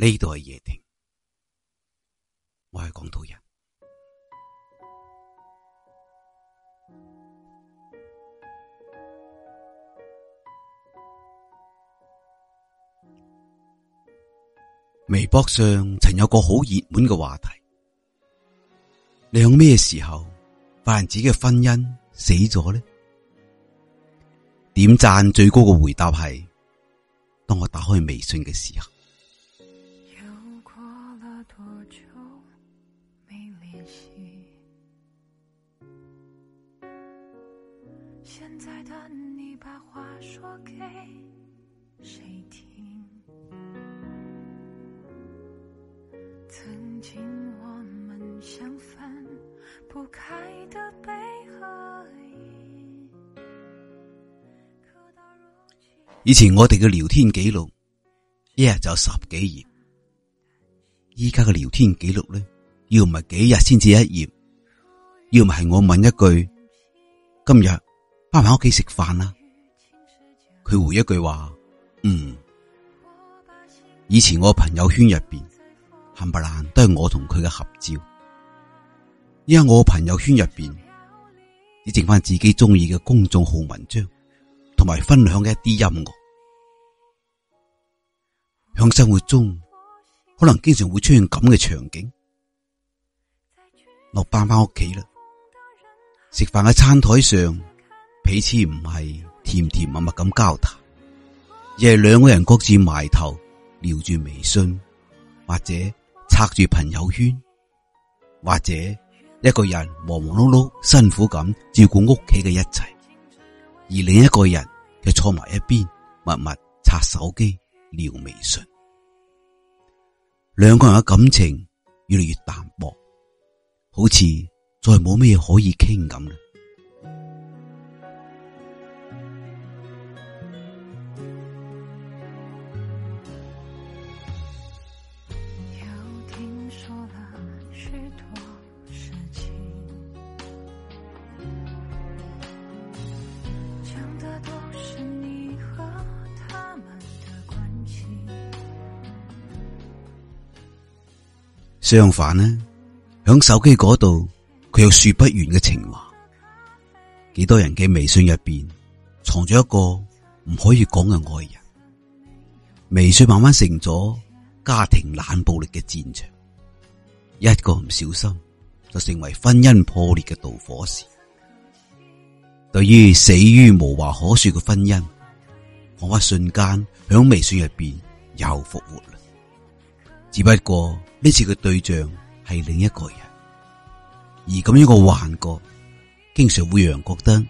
呢度係夜聽，我係廣東人。微博上曾有個好熱門嘅話題：你響咩時候發現自己嘅婚姻死咗呢？」點讚最高嘅回答係：當我打開微信嘅時候。現在的你把話說給誰聽？以前我哋嘅聊天記錄一日就十幾頁，依家嘅聊天記錄呢，要唔係幾日先至一頁，要唔係我問一句，今日，翻翻屋企食飯啦，佢回一句話：嗯，以前我朋友圈入邊冚唪唥都係我同佢嘅合照，而家我朋友圈入邊只剩翻自己中意嘅公眾號文章，同埋分享嘅一啲音樂。響生活中，可能經常會出現咁嘅場景，落班翻屋企啦，食飯喺餐台上。彼此唔係甜甜蜜蜜咁交談，而係兩個人各自埋頭聊住微信，或者刷住朋友圈，或者一個人忙忙碌碌辛苦咁照顧屋企嘅一切，而另一個人就坐埋一邊默默刷手機聊微信，兩個人嘅感情越嚟越淡薄，好似再冇咩可以傾咁。相反呢，響手機嗰度佢有說不完嘅情話，幾多人嘅微信入邊藏住一個唔可以講嘅愛人，微信慢慢成咗家庭冷暴力嘅戰場，一個唔小心就成為婚姻破裂嘅導火線。對於死於無話可說嘅婚姻，我一瞬間響微信入邊又復活了只不過呢次嘅對象係另一個人，而咁樣嘅幻覺，經常會讓人覺得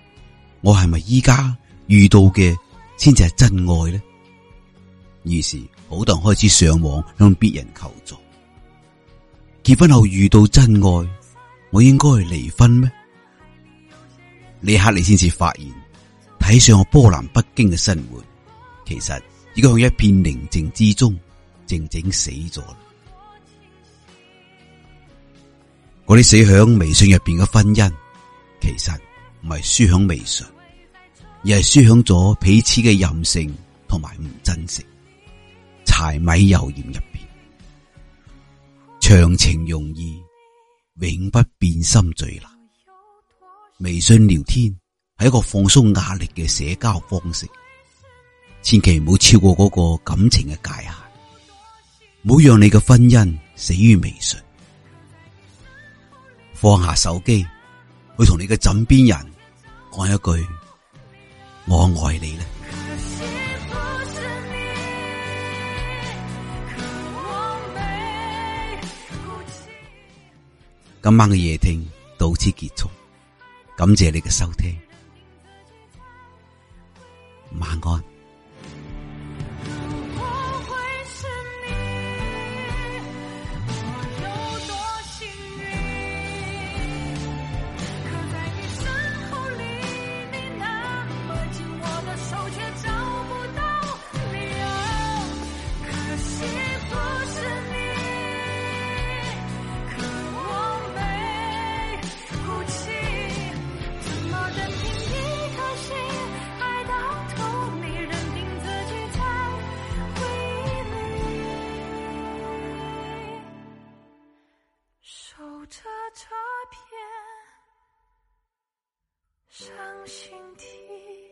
我係咪依家遇到嘅先至係真愛呢？於是好多人開始上網向別人求助。結婚後遇到真愛，我應該去離婚咩？呢刻你先至發現，睇上我波瀾不驚嘅生活，其實已經喺一片寧靜之中。靜靜死咗，嗰啲死響微信入邊嘅婚姻，其實唔係輸響微信，而係輸響咗彼此嘅任性同埋唔珍惜柴米油鹽入邊。長情容易，永不變心最難。微信聊天係一個放鬆壓力嘅社交方式，千祈唔好超過嗰個感情嘅界限。唔好讓你嘅婚姻死於微信，放下手機去同你嘅枕邊人講一句我愛你呢，今晚嘅夜聽到此結束，感謝你嘅收聽，晚安。這這片傷心地。